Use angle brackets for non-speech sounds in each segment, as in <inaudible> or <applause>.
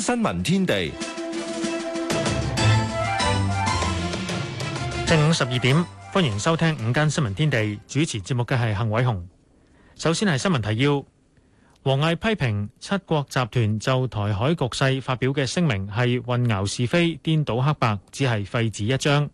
新聞天地，正午十二點，歡迎收聽午間新聞天地，主持節目嘅係幸偉雄。首先係新聞提要，王毅批評七國集團就台海局勢發表嘅聲明係混淆是非、顛倒黑白，只係廢紙一張。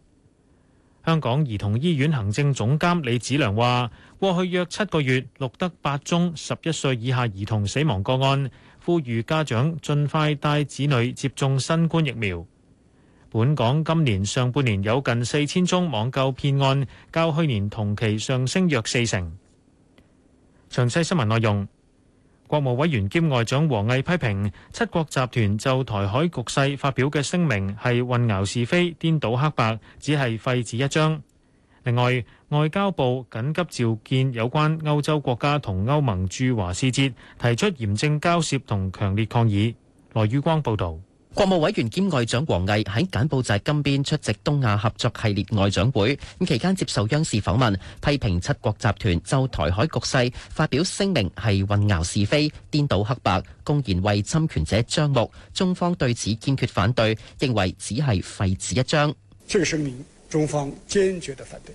香港兒童醫院行政總監李子良話，過去約七個月錄得八宗十一歲以下兒童死亡個案。呼籲家長盡快帶子女接種新冠疫苗。本港今年上半年有近四千宗網購騙案，較去年同期上升約四成。詳細新聞內容，國務委員兼外長王毅批評七國集團就台海局勢發表嘅聲明係混淆是非、顛倒黑白，只係廢紙一張。另外，外交部緊急召見有關歐洲國家同歐盟駐華使節，提出嚴正交涉同強烈抗議。羅宇光報道。國務委員兼外長王毅喺柬埔寨金邊出席東亞合作系列外長會，期間接受央視訪問，批評七國集團就台海局勢發表聲明係混淆是非、顛倒黑白，公然為侵權者張目。中方對此堅決反對，認為只係廢紙一張。這個聲明，中方堅決反對。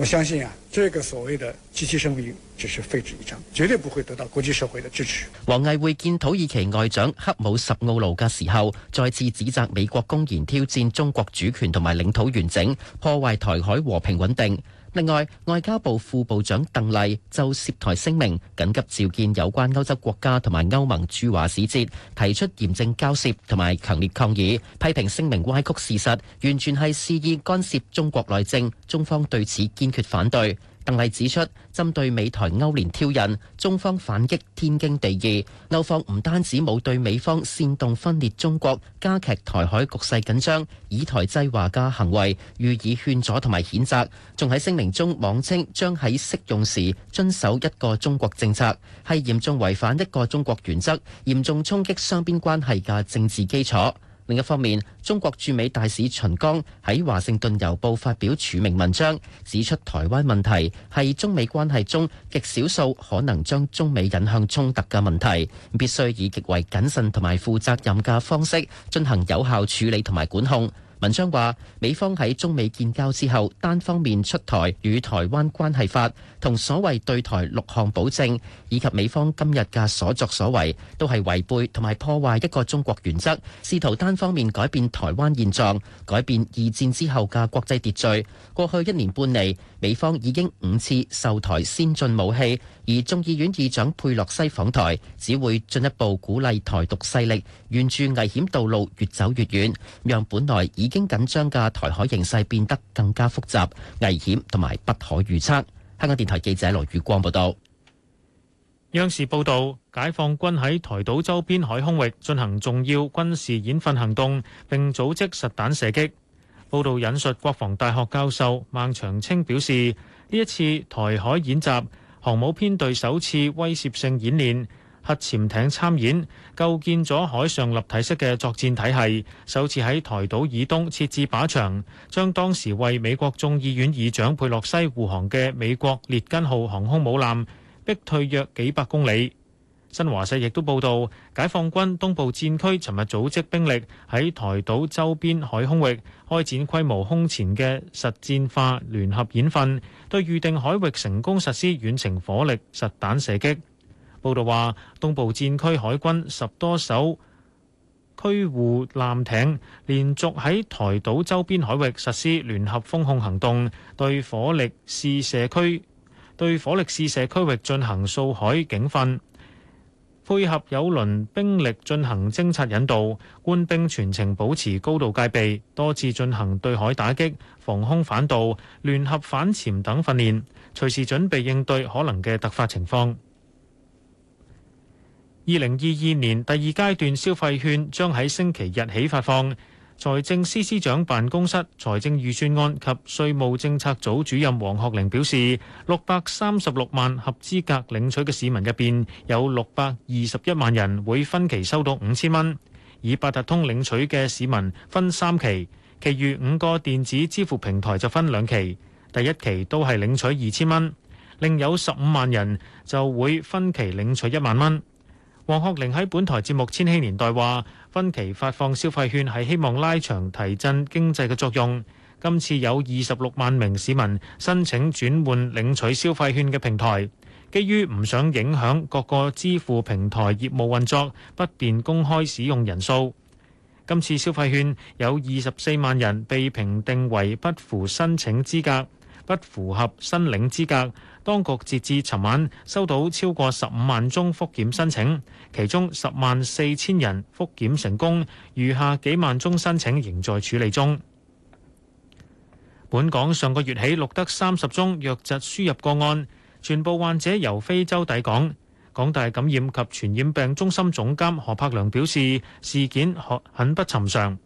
我相信啊，這個所謂的機器生命只是廢紙一張，絕對不會得到國際社會的支持。王毅會見土耳其外長黑姆十奧盧嘅時候，再次指責美國公然挑戰中國主權同埋領土完整，破壞台海和平穩定。另外，外交部副部長鄧麗就涉台聲明緊急召見有關歐洲國家同埋歐盟駐華使節，提出嚴正交涉同埋強烈抗議，批評聲明歪曲事實，完全係肆意干涉中國內政，中方對此堅決反對。鄧麗指出，針對美台勾連挑釁，中方反擊天經地義。歐方唔單止冇對美方煽動分裂中國、加劇台海局勢緊張、以台制華嘅行為予以勸阻同埋譴責，仲喺聲明中妄稱將喺適用時遵守一個中國政策，係嚴重違反一個中國原則，嚴重衝擊雙邊關係嘅政治基礎。另一方面，中國駐美大使秦剛喺《華盛頓郵報》發表署名文章，指出台灣問題係中美關係中極少數可能將中美引向衝突嘅問題，必須以極為謹慎同埋負責任嘅方式進行有效處理同埋管控。文章話：美方喺中美建交之後，單方面出台《與台灣關係法》同所謂對台六項保證，以及美方今日嘅所作所為，都係違背同埋破壞一個中國原則，試圖單方面改變台灣現狀，改變二戰之後嘅國際秩序。過去一年半嚟，美方已經五次售台先進武器。而眾議院議長佩洛西訪台，只會進一步鼓勵台獨勢力沿住危險道路越走越遠，讓本來已經緊張嘅台海形勢變得更加複雜、危險同埋不可預測。香港電台記者羅宇光報道：「央視報導，解放軍喺台島周邊海空域進行重要軍事演訓行動，並組織實彈射擊。報導引述國防大學教授孟長青表示：呢一次台海演習。航母編隊首次威懾性演練，核潛艇參演，構建咗海上立體式嘅作戰體系。首次喺台島以東設置靶場，將當時為美國眾議院議長佩洛西護航嘅美國列根號航空母艦逼退約幾百公里。新華社亦都報道，解放軍東部戰區尋日組織兵力喺台島周邊海空域開展規模空前嘅實戰化聯合演訓，對預定海域成功實施遠程火力實彈射擊。報道話，東部戰區海軍十多艘驅護艦艇連續喺台島周邊海域實施聯合封控行動，對火力試射區、對火力試射區域進行掃海警訓。配合友鄰兵力進行偵察引導，官兵全程保持高度戒備，多次進行對海打擊、防空反導、聯合反潛等訓練，隨時準備應對可能嘅突發情況。二零二二年第二階段消費券將喺星期日起發放。財政司司長辦公室、財政預算案及稅務政策組主任黃學玲表示，六百三十六萬合資格領取嘅市民入邊，有六百二十一萬人會分期收到五千蚊，以八達通領取嘅市民分三期，其餘五個電子支付平台就分兩期，第一期都係領取二千蚊，另有十五萬人就會分期領取一萬蚊。黃學玲喺本台節目《千禧年代》話。分期發放消費券係希望拉長提振經濟嘅作用。今次有二十六萬名市民申請轉換領取消費券嘅平台，基於唔想影響各個支付平台業務運作，不便公開使用人數。今次消費券有二十四萬人被評定為不符申請資格，不符合申領資格。當局截至尋晚收到超過十五萬宗復檢申請，其中十萬四千人復檢成功，餘下幾萬宗申請仍在處理中。本港上個月起錄得三十宗瘧疾輸入個案，全部患者由非洲抵港。港大感染及傳染病中心總監何柏良表示，事件可很不尋常。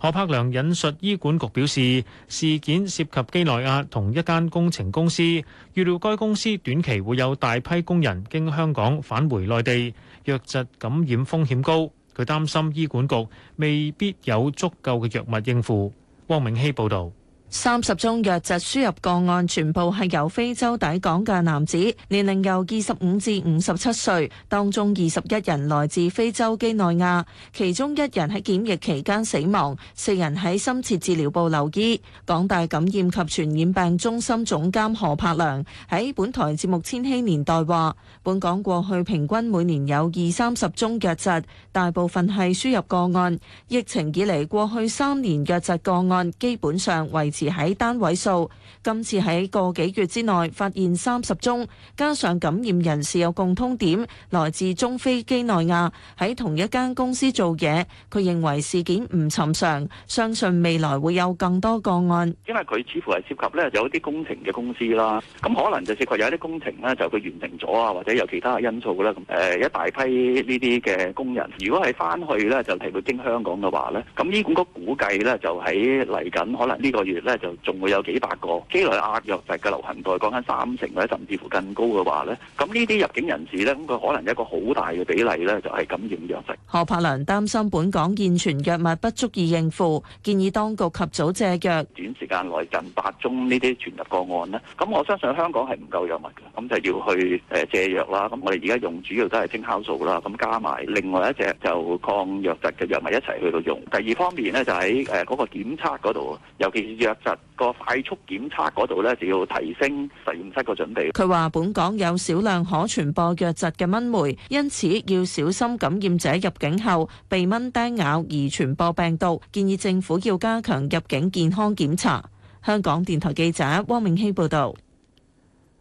何柏良引述醫管局表示，事件涉及基內亞同一間工程公司，預料該公司短期會有大批工人經香港返回內地，瘧疾感染風險高。佢擔心醫管局未必有足夠嘅藥物應付。汪明希報道。三十宗瘧疾輸入個案全部係由非洲抵港嘅男子，年齡由二十五至五十七歲，當中二十一人來自非洲基內亞，其中一人喺檢疫期間死亡，四人喺深切治療部留醫。港大感染及傳染病中心總監何柏良喺本台節目《千禧年代》話，本港過去平均每年有二三十宗瘧疾，大部分係輸入個案。疫情以嚟，過去三年瘧疾個案基本上維持喺單位數，今次喺個幾月之內發現三十宗，加上感染人士有共通點，來自中非基內亞，喺同一間公司做嘢。佢認為事件唔尋常，相信未來會有更多個案。因為佢似乎係涉及咧有一啲工程嘅公司啦，咁可能就涉及有一啲工程咧就佢完成咗啊，或者有其他因素啦。咁誒一大批呢啲嘅工人，如果係翻去咧就係會經香港嘅話咧，咁醫管局估計咧就喺嚟緊可能呢個月。就仲會有幾百個幾內亞，瘧疾嘅流行率講緊三成或者甚至乎更高嘅話咧，咁呢啲入境人士咧，咁佢可能一個好大嘅比例咧，就係感染瘧疾。何柏良擔心本港健全藥物不足以應付，建議當局及早借藥藥。借藥，短時間內近八宗呢啲傳入個案咧，咁我相信香港係唔夠藥物嘅，咁就要去誒借藥啦。咁我哋而家用主要都係青蒿素啦，咁加埋另外一隻就抗瘧疾嘅藥物一齊去到用。第二方面咧就喺誒嗰個檢測嗰度，尤其是藥，就個快速檢查嗰度呢，就要提升實驗室個準備。佢話：本港有少量可傳播瘧疾嘅蚊媒，因此要小心感染者入境後被蚊叮咬而傳播病毒。建議政府要加強入境健康檢查。香港電台記者汪明希報道。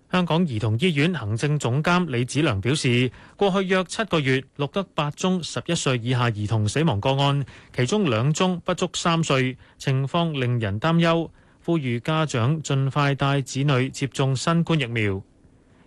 香港兒童醫院行政總監李子良表示，過去約七個月錄得八宗十一歲以下兒童死亡個案，其中兩宗不足三歲，情況令人擔憂，呼籲家長盡快帶子女接種新冠疫苗。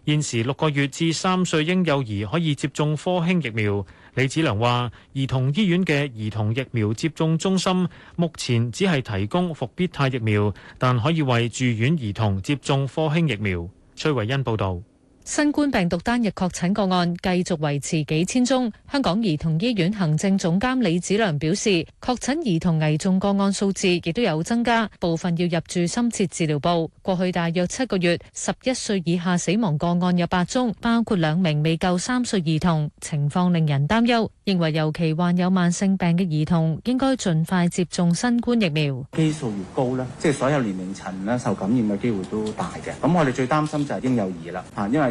現時六個月至三歲嬰幼兒可以接種科興疫苗。李子良話，兒童醫院嘅兒童疫苗接種中心目前只係提供復必泰疫苗，但可以為住院兒童接種科興疫苗。崔維恩報道。新冠病毒單日確診個案繼續維持幾千宗。香港兒童醫院行政總監李子良表示，確診兒童危重個案數字亦都有增加，部分要入住深切治療部。過去大約七個月，十一歲以下死亡個案有八宗，包括兩名未夠三歲兒童，情況令人擔憂，認為尤其患有慢性病嘅兒童應該盡快接種新冠疫苗。基數越高咧，即係所有年齡層咧受感染嘅機會都大嘅。咁我哋最擔心就係嬰幼兒啦，吓，因為。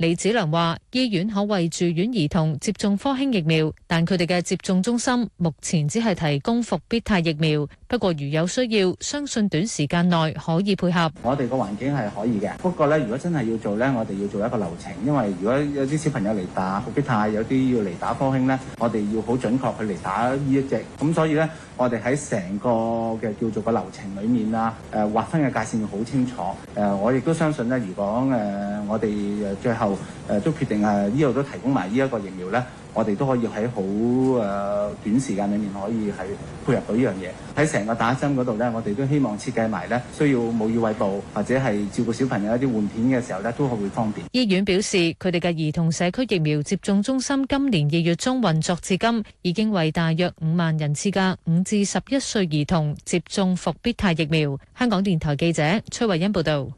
李子良話：醫院可為住院兒童接種科興疫苗，但佢哋嘅接種中心目前只係提供復必泰疫苗。不過如有需要，相信短時間內可以配合。我哋個環境係可以嘅，不過咧，如果真係要做呢，我哋要做一個流程，因為如果有啲小朋友嚟打復必泰，有啲要嚟打科興呢，我哋要好準確去嚟打呢一隻，咁所以呢。我哋喺成個嘅叫做個流程裡面啊，誒、呃、劃分嘅界線好清楚。誒、呃，我亦都相信呢、啊，如果誒、呃、我哋最後、呃、都決定誒呢個都提供埋呢一個疫苗呢。我哋都可以喺好誒短時間裏面可以係配合到呢樣嘢喺成個打針嗰度呢，我哋都希望設計埋咧需要母乳餵哺或者係照顧小朋友一啲換片嘅時候呢，都係會方便。醫院表示，佢哋嘅兒童社區疫苗接種中心今年二月中運作至今，已經為大約五萬人次嘅五至十一歲兒童接種伏必泰疫苗。香港電台記者崔慧欣報道。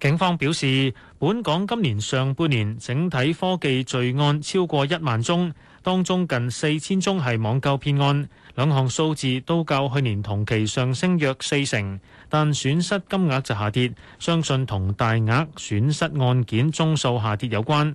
警方表示，本港今年上半年整體科技罪案超過一萬宗，當中近四千宗係網購騙案，兩項數字都較去年同期上升約四成，但損失金額就下跌，相信同大額損失案件宗數下跌有關。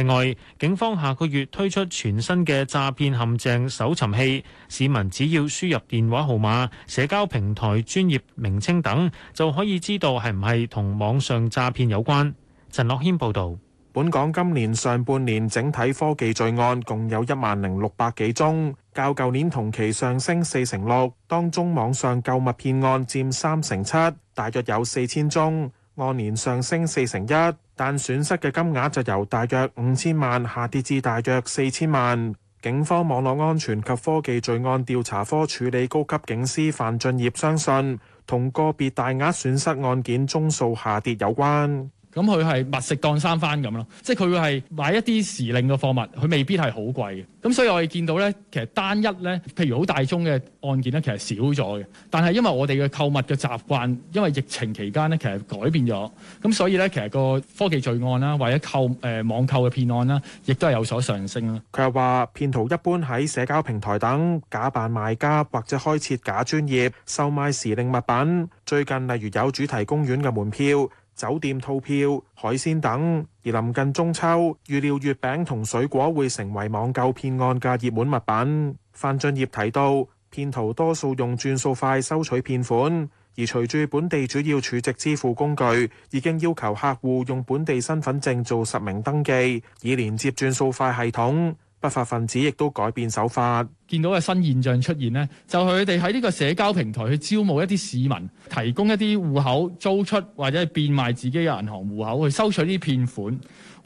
另外，警方下個月推出全新嘅詐騙陷阱搜尋器，市民只要輸入電話號碼、社交平台專業名稱等，就可以知道係唔係同網上詐騙有關。陳樂軒報導。本港今年上半年整體科技罪案共有一萬零六百幾宗，較舊年同期上升四成六。當中網上購物騙案佔三成七，大約有四千宗，按年上升四成一。但損失嘅金額就由大約五千萬下跌至大約四千萬，警方網絡安全及科技罪案調查科處理高級警司范俊業相信，同個別大額損失案件宗數下跌有關。咁佢係物食當生翻咁咯，即係佢會係買一啲時令嘅貨物，佢未必係好貴嘅。咁所以我哋見到咧，其實單一咧，譬如好大宗嘅案件咧，其實少咗嘅。但係因為我哋嘅購物嘅習慣，因為疫情期間咧，其實改變咗。咁所以咧，其實個科技罪案啦，或者購誒、呃、網購嘅騙案啦，亦都係有所上升啊。佢又話，騙徒一般喺社交平台等假扮賣家，或者開設假專頁，售賣時令物品。最近例如有主題公園嘅門票。酒店套票、海鮮等，而臨近中秋，預料月餅同水果會成為網購騙案嘅熱門物品。范俊業提到，騙徒多數用轉數快收取騙款，而隨住本地主要儲值支付工具已經要求客戶用本地身份證做實名登記，以連接轉數快系統。不法分子亦都改變手法，見到嘅新現象出現呢就佢哋喺呢個社交平台去招募一啲市民，提供一啲戶口租出或者係變賣自己嘅銀行戶口，去收取啲騙款，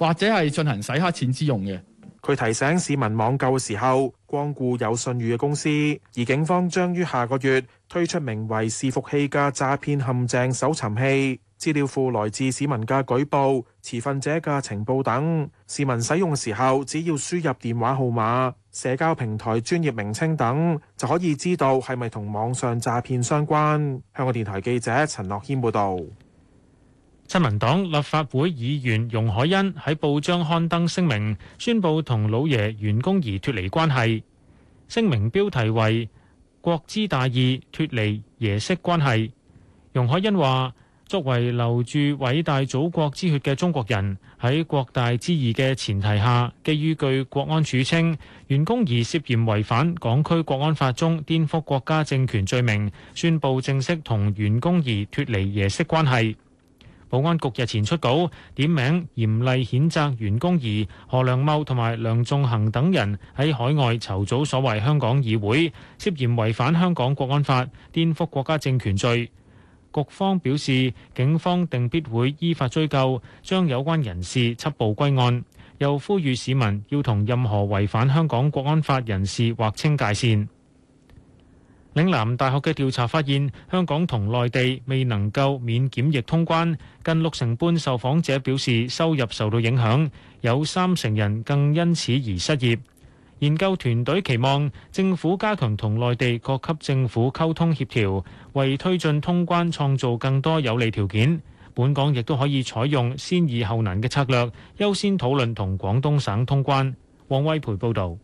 或者係進行洗黑錢之用嘅。佢提醒市民網購嘅時候，光顧有信譽嘅公司。而警方將於下個月推出名為視伺器嘅詐騙陷阱搜尋器。資料庫來自市民嘅舉報、持份者嘅情報等。市民使用嘅時候，只要輸入電話號碼、社交平台專業名稱等，就可以知道係咪同網上詐騙相關。香港電台記者陳樂謙報導。新民黨立法會議員容海恩喺報章刊登聲明，宣布同老爺袁弓夷脱離關係。聲明標題為《國之大義，脱離爺媳關係》。容海恩話。作為留住偉大祖國之血嘅中國人，喺國大之義嘅前提下，基於據國安處稱，袁弓夷涉嫌違反港區國安法中顛覆國家政權罪名，宣佈正式同袁弓夷脱離夜色關係。保安局日前出稿點名嚴厲譴責袁弓夷、何良懋同埋梁頌恆等人喺海外籌組所謂香港議會，涉嫌違反香港國安法顛覆國家政權罪。局方表示，警方定必會依法追究，將有關人士緝捕歸案。又呼籲市民要同任何違反香港國安法人士劃清界線。嶺南大學嘅調查發現，香港同內地未能夠免檢疫通關，近六成半受訪者表示收入受到影響，有三成人更因此而失業。研究團隊期望政府加強同內地各級政府溝通協調，為推進通關創造更多有利條件。本港亦都可以採用先易後難嘅策略，優先討論同廣東省通關。王威培報導。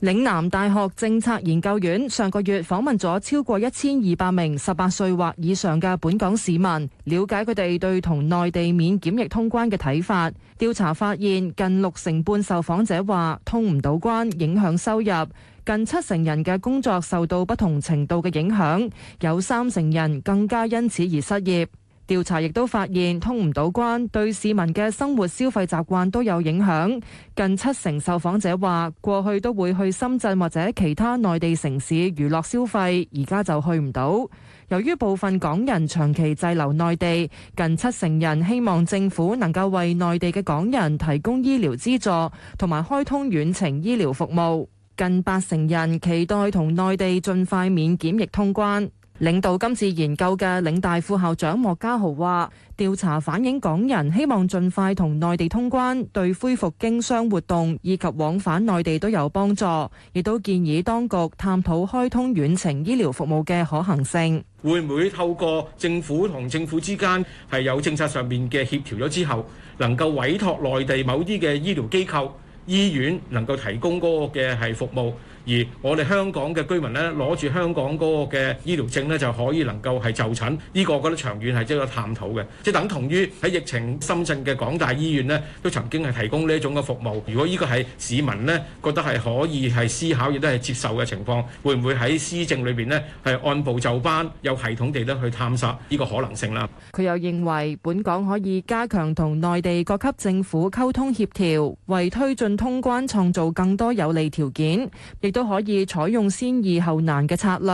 嶺南大學政策研究院上個月訪問咗超過一千二百名十八歲或以上嘅本港市民，了解佢哋對同內地免檢疫通關嘅睇法。調查發現，近六成半受訪者話通唔到關，影響收入，近七成人嘅工作受到不同程度嘅影響，有三成人更加因此而失業。調查亦都發現，通唔到關對市民嘅生活消費習慣都有影響。近七成受訪者話，過去都會去深圳或者其他內地城市娛樂消費，而家就去唔到。由於部分港人長期滯留內地，近七成人希望政府能夠為內地嘅港人提供醫療資助，同埋開通遠程醫療服務。近八成人期待同內地盡快免檢疫通關。領導今次研究嘅嶺大副校長莫家豪話：調查反映港人希望盡快同內地通關，對恢復經商活動以及往返內地都有幫助，亦都建議當局探討開通遠程醫療服務嘅可行性。會唔會透過政府同政府之間係有政策上面嘅協調咗之後，能夠委託內地某啲嘅醫療機構、醫院能夠提供嗰個嘅係服務？而我哋香港嘅居民呢，攞住香港嗰個嘅醫療證呢，就可以能夠係就診呢，這個覺得長遠係值得探討嘅，即等同於喺疫情深圳嘅港大醫院呢，都曾經係提供呢一種嘅服務。如果呢個係市民呢，覺得係可以係思考亦都係接受嘅情況，會唔會喺施政裏邊呢，係按部就班，有系統地呢去探索呢個可能性啦？佢又認為本港可以加強同內地各級政府溝通協調，為推進通關創造更多有利條件，亦都可以採用先易後難嘅策略，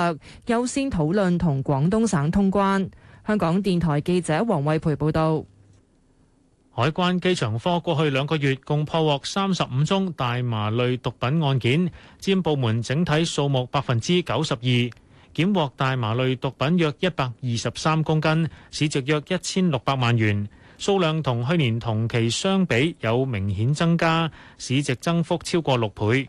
優先討論同廣東省通關。香港電台記者黃慧培報道。海關機場科過去兩個月共破獲三十五宗大麻類毒品案件，佔部門整體數目百分之九十二，檢獲大麻類毒品約一百二十三公斤，市值約一千六百萬元，數量同去年同期相比有明顯增加，市值增幅超過六倍。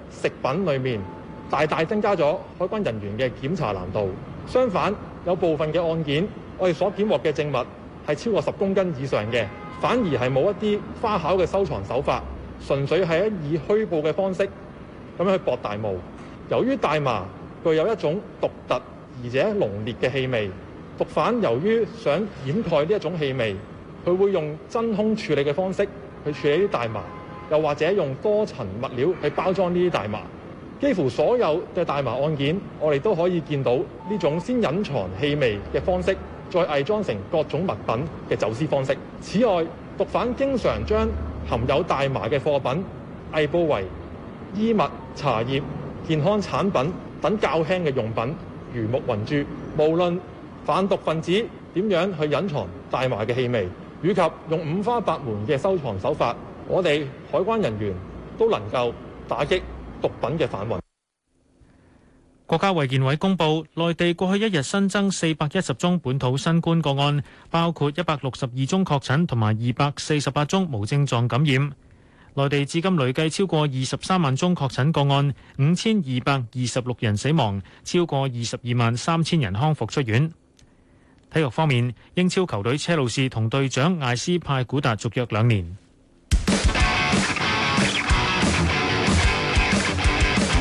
食品裏面大大增加咗海關人員嘅檢查難度。相反，有部分嘅案件，我哋所檢獲嘅證物係超過十公斤以上嘅，反而係冇一啲花巧嘅收藏手法，純粹係一以虛報嘅方式咁樣去博大霧。由於大麻具有一種獨特而且濃烈嘅氣味，毒販由於想掩蓋呢一種氣味，佢會用真空處理嘅方式去處理啲大麻。又或者用多層物料去包裝呢啲大麻，幾乎所有的大麻案件，我哋都可以見到呢種先隱藏氣味嘅方式，再偽裝成各種物品嘅走私方式。此外，毒販經常將含有大麻嘅貨品偽布為衣物、茶葉、健康產品等較輕嘅用品，魚目混珠。無論販毒分子點樣去隱藏大麻嘅氣味，以及用五花八門嘅收藏手法，我哋海關人員都能夠打擊毒品嘅泛濫。國家衛健委公布，內地過去一日新增四百一十宗本土新冠個案，包括一百六十二宗確診同埋二百四十八宗無症狀感染。內地至今累計超過二十三萬宗確診個案，五千二百二十六人死亡，超過二十二萬三千人康復出院。體育方面，英超球隊車路士同隊長艾斯派古達續約兩年。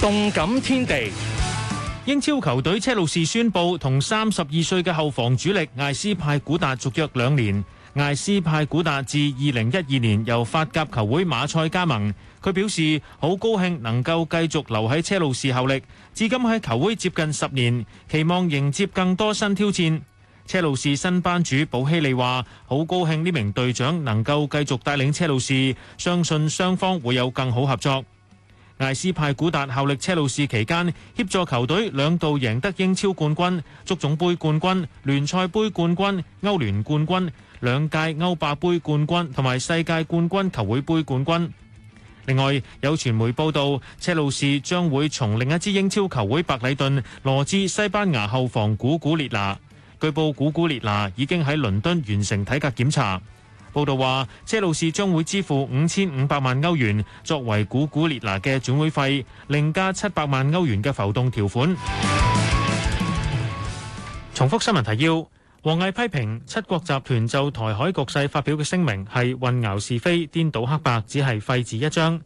動感天地，英超球隊車路士宣佈同三十二歲嘅後防主力艾斯派古達續約兩年。艾斯派古達自二零一二年由法甲球會馬賽加盟，佢表示好高興能夠繼續留喺車路士效力，至今喺球會接近十年，期望迎接更多新挑戰。車路士新班主保希利話：好高興呢名隊長能夠繼續帶領車路士，相信雙方會有更好合作。艾斯派古達效力車路士期間，協助球隊兩度贏得英超冠軍、足總盃冠軍、聯賽盃冠軍、歐聯冠軍、兩屆歐霸盃冠軍同埋世界冠軍球會盃冠軍。另外有傳媒報道，車路士將會從另一支英超球會白禮頓羅致西班牙後防古古列拿。據報古古列拿已經喺倫敦完成體格檢查。報道話，車路士將會支付五千五百萬歐元作為古古列拿嘅轉會費，另加七百萬歐元嘅浮動條款。 <noise> 重複新聞提要：王毅批評七國集團就台海局勢發表嘅聲明係混淆是非、顛倒黑白，只係廢紙一張。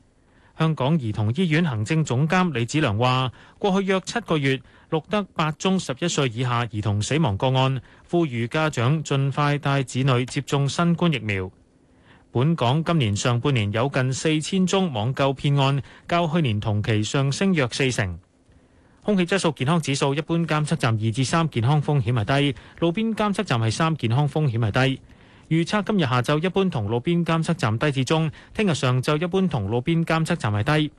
香港兒童醫院行政總監李子良話，過去約七個月，錄得八宗十一歲以下兒童死亡個案，呼籲家長盡快帶子女接種新冠疫苗。本港今年上半年有近四千宗網購騙案，較去年同期上升約四成。空氣質素健康指數一般監測站二至三，健康風險係低；路邊監測站係三，健康風險係低。預測今日下晝一般同路邊監測站低至中，聽日上晝一般同路邊監測站係低。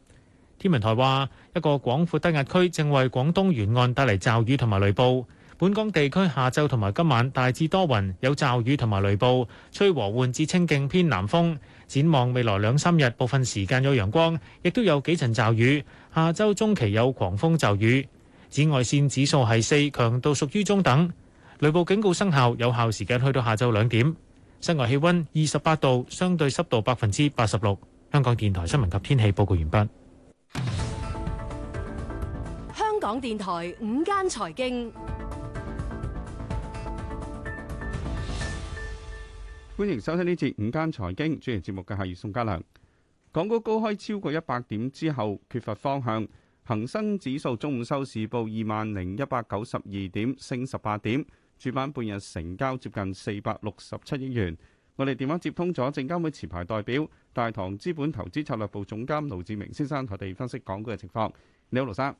天文台話，一個廣闊低壓區正為廣東沿岸帶嚟驟雨同埋雷暴。本港地區下晝同埋今晚大致多雲，有驟雨同埋雷暴，吹和緩至清勁偏南風。展望未來兩三日，部分時間有陽光，亦都有幾陣驟雨。下周中期有狂風驟雨。紫外線指數係四，強度屬於中等。雷暴警告生效，有效時間去到下晝兩點。室外氣溫二十八度，相對濕度百分之八十六。香港電台新聞及天氣報告完畢。香港電台午間財經，歡迎收聽呢節午間財經主持節目嘅係宋家良。港股高開超過一百點之後，缺乏方向，恒生指數中午收市報二萬零一百九十二點，升十八點，主板半日成交接近四百六十七億元。我哋電話接通咗證監會持牌代表大唐資本投資策略部總監盧志明先生，同我哋分析港股嘅情況。你好，盧生。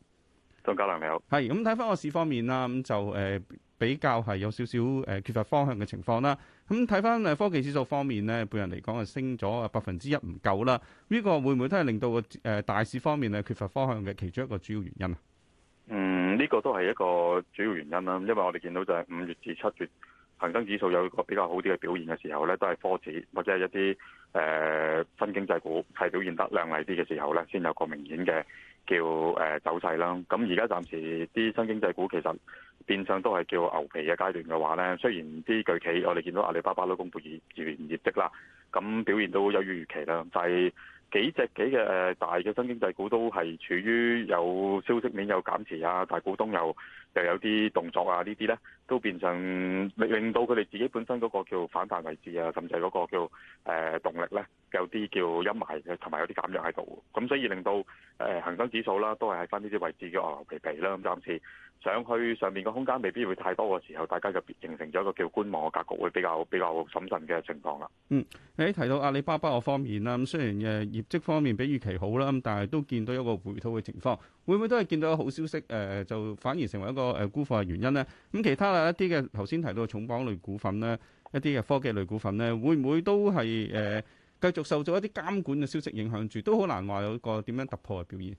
宋家良你好。係，咁睇翻個市方面啦，咁就誒比較係有少少誒缺乏方向嘅情況啦。咁睇翻誒科技指數方面呢，本人嚟講係升咗百分之一唔夠啦。呢、這個會唔會都係令到個誒大市方面咧缺乏方向嘅其中一個主要原因啊？嗯，呢、這個都係一個主要原因啦。因為我哋見到就係五月至七月。恒生指數有一個比較好啲嘅表現嘅時候呢，都係科指或者係一啲誒、呃、新經濟股係表現得靚麗啲嘅時候呢，先有個明顯嘅叫誒、呃、走勢啦。咁而家暫時啲新經濟股其實變相都係叫牛皮嘅階段嘅話呢，雖然啲巨企我哋見到阿里巴巴都公布業業績啦，咁表現都優於預期啦。但、就、係、是、幾隻幾隻大嘅、呃、新經濟股都係處於有消息面有減持啊，大股東有。就有啲動作啊，呢啲咧都變成令到佢哋自己本身嗰個叫反彈位置啊，甚至係嗰個叫誒、呃、動力咧有啲叫陰霾嘅，同埋有啲減弱喺度。咁所以令到誒、呃、恆生指數啦、啊，都係喺翻呢啲位置嘅牛皮皮啦、啊。咁暫時上去上面嘅空間未必會太多嘅時候，大家就形成咗一個叫觀望嘅格局，會比較比較審慎嘅情況啦。嗯，你提到阿里巴巴個方面啦，咁雖然嘅業績方面比預期好啦，咁但係都見到一個回吐嘅情況。會唔會都係見到好消息？誒、呃、就反而成為一個誒沽貨嘅原因呢？咁其他啊一啲嘅頭先提到重磅類股份咧，一啲嘅科技類股份咧，會唔會都係誒、呃、繼續受咗一啲監管嘅消息影響住？都好難話有一個點樣突破嘅表現。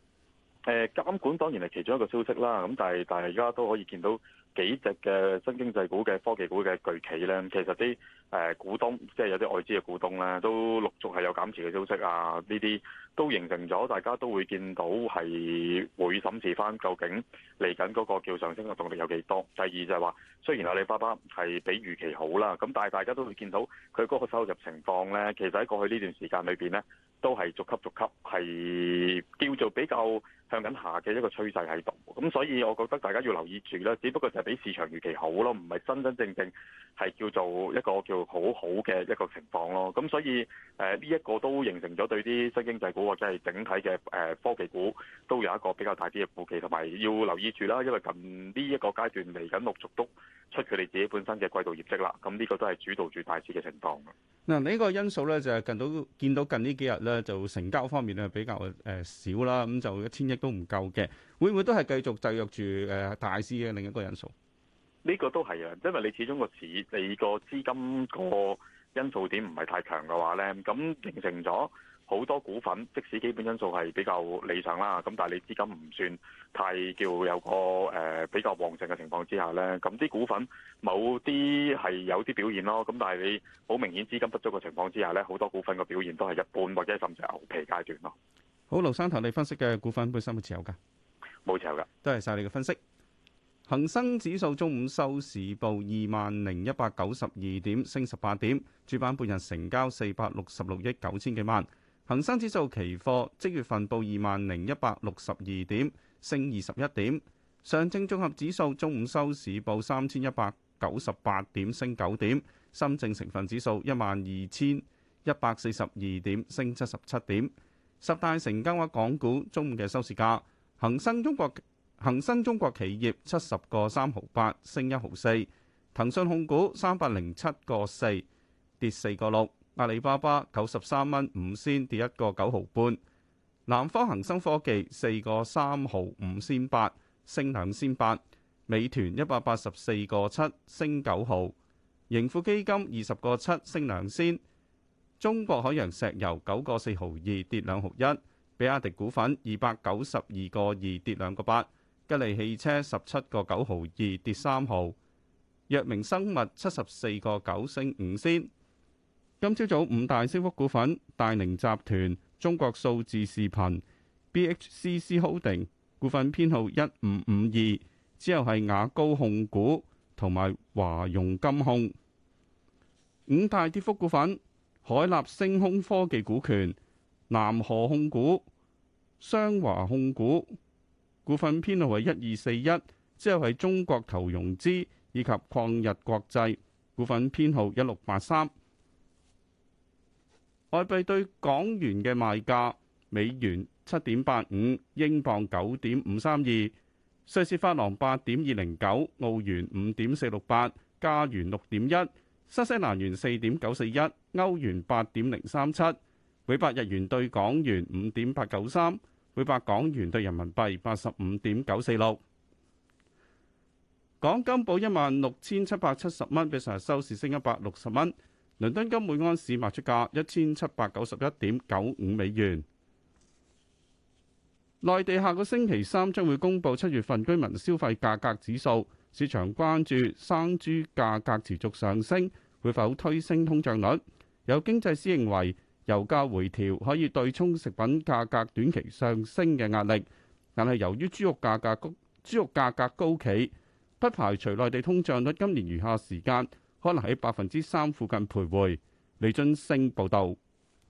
誒監管當然係其中一個消息啦。咁但係但係而家都可以見到幾隻嘅新經濟股嘅科技股嘅巨企咧，其實啲誒、呃、股東即係有啲外資嘅股東咧，都陸續係有減持嘅消息啊！呢啲都形成咗，大家都會見到係會審視翻究竟嚟緊嗰個叫上升嘅動力有幾多。第二就係話，雖然阿里巴巴係比預期好啦，咁但係大家都會見到佢嗰個收入情況咧，其實喺過去呢段時間裏邊咧，都係逐級逐級係叫做比較向緊下嘅一個趨勢喺度。咁所以，我覺得大家要留意住啦，只不過就係比市場預期好咯，唔係真真正正係叫做一個叫好好嘅一個情況咯。咁所以，誒呢一個都形成咗對啲新經濟股。或者係整體嘅誒科技股都有一個比較大啲嘅負期，同埋要留意住啦。因為近呢一個階段嚟緊陸續都出佢哋自己本身嘅季度業績啦，咁、這、呢個都係主導住大市嘅情況。嗱，呢個因素咧就係近到見到近呢幾日咧就成交方面咧比較誒少啦，咁就一千億都唔夠嘅，會唔會都係繼續制約住誒大市嘅另一個因素？呢個都係啊，因為你始終個市你個資金個因素點唔係太強嘅話咧，咁形成咗。好多股份即使基本因素係比較理想啦，咁但係你資金唔算太叫有個誒、呃、比較旺盛嘅情況之下呢。咁啲股份某啲係有啲表現咯，咁但係你好明顯資金不足嘅情況之下呢，好多股份嘅表現都係一般或者甚至牛皮階段咯。好，盧生頭你分析嘅股份本身有持有噶？冇持有噶。多謝晒你嘅分析。恒生指數中午收市報二萬零一百九十二點，升十八點。主板半日成交四百六十六億九千幾萬。恒生指數期貨即月份報二萬零一百六十二點，升二十一點。上證綜合指數中午收市報三千一百九十八點，升九點。深證成分指數一萬二千一百四十二點，升七十七點。十大成交額港股中午嘅收市價，恒生中國恒生中國企業七十個三毫八，升一毫四。騰訊控股三百零七個四，跌四個六。阿里巴巴九十三蚊五仙跌一個九毫半，南方恒生科技四個三毫五仙八升兩仙八，美團一百八十四個七升九毫，盈富基金二十個七升兩仙，中國海洋石油九個四毫二跌兩毫一，比亞迪股份二百九十二個二跌兩個八，吉利汽車十七個九毫二跌三毫，藥明生物七十四個九升五仙。今朝早，早五大升幅股份：大寧集團、中國數字視頻、BHCC Holding 股份編號一五五二。之後係雅高控股同埋華融金控。五大跌幅股份：海納星空科技股權、南河控股、雙華控股股份編號為一二四一。之後係中國投融資以及曠日國際股份編號一六八三。外幣對港元嘅賣價：美元七點八五，英鎊九點五三二，瑞士法郎八點二零九，澳元五點四六八，加元六點一，新西蘭元四點九四一，歐元八點零三七，每百日元對港元五點八九三，每百港元對人民幣八十五點九四六。港金報一萬六千七百七十蚊，比上日收市升一百六十蚊。倫敦金每安士賣出價一千七百九十一點九五美元。內地下個星期三將會公布七月份居民消費價格指數，市場關注生豬價格持續上升會否推升通脹率。有經濟師認為，油價回調可以對沖食品價格短期上升嘅壓力，但係由於豬肉價格高，豬肉價格高企，不排除內地通脹率今年餘下時間。可能喺百分之三附近徘徊。李津升報道。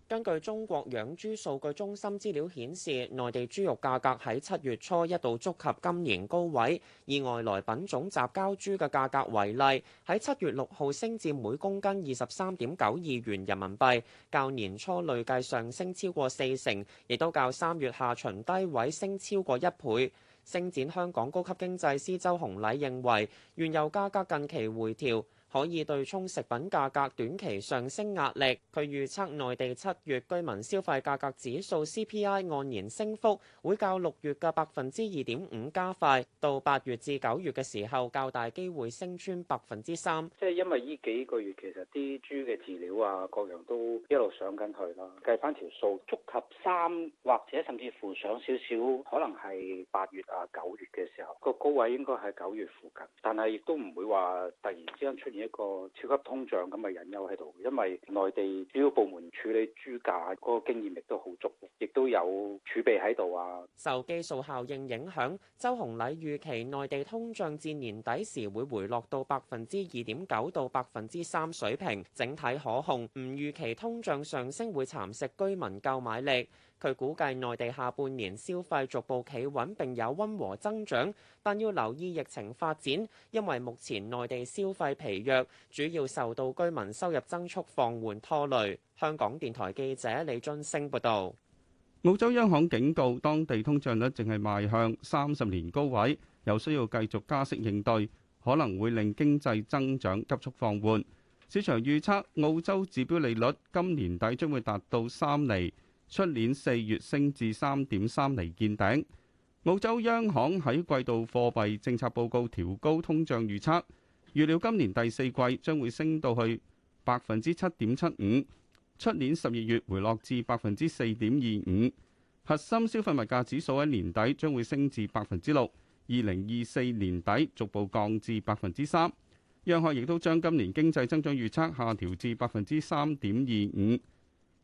根據中國養豬數據中心資料顯示，內地豬肉價格喺七月初一度觸及今年高位。以外來品種雜交豬嘅價格為例，喺七月六號升至每公斤二十三點九二元人民幣，較年初累計上升超過四成，亦都較三月下旬低位升超過一倍。星展香港高級經濟師周紅禮認為，原油價格近期回調。可以對沖食品價格短期上升壓力。佢預測內地七月居民消費價格指數 CPI 按年升幅會較六月嘅百分之二點五加快，到八月至九月嘅時候較大機會升穿百分之三。即係因為呢幾個月其實啲豬嘅飼料啊各樣都一路上緊去啦，計翻條數，觸及三或者甚至乎上少少，可能係八月啊九月嘅時候個高位應該係九月附近，但係亦都唔會話突然之間出現。一個超級通脹咁咪隱憂喺度，因為內地主要部門處理豬價嗰個經驗力都好足，亦都有儲備喺度啊。受技術效應影響，周紅禮預期內地通脹至年底時會回落到百分之二點九到百分之三水平，整體可控，唔預期通脹上升會蠶食居民購買力。佢估計內地下半年消費逐步企穩，並有溫和增長，但要留意疫情發展，因為目前內地消費疲弱，主要受到居民收入增速放緩拖累。香港電台記者李津星報導。澳洲央行警告，當地通脹率淨係邁向三十年高位，有需要繼續加息應對，可能會令經濟增長急速放緩。市場預測澳洲指標利率今年底將會達到三厘。出年四月升至三點三厘見頂，澳洲央行喺季度貨幣政策報告調高通脹預測，預料今年第四季將會升到去百分之七點七五，出年十二月回落至百分之四點二五。核心消費物價指數喺年底將會升至百分之六，二零二四年底逐步降至百分之三。央行亦都將今年經濟增長預測下調至百分之三點二五。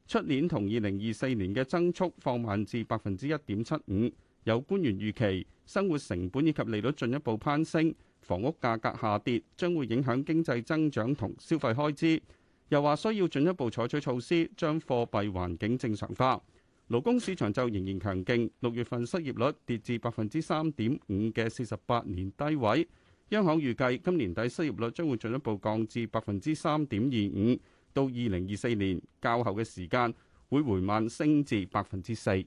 出年同二零二四年嘅增速放慢至百分之一點七五，有官員預期生活成本以及利率進一步攀升，房屋價格下跌將會影響經濟增長同消費開支，又話需要進一步採取措施將貨幣環境正常化。勞工市場就仍然強勁，六月份失業率跌至百分之三點五嘅四十八年低位，央行預計今年底失業率將會進一步降至百分之三點二五。到二零二四年，較後嘅時間會緩慢升至百分之四。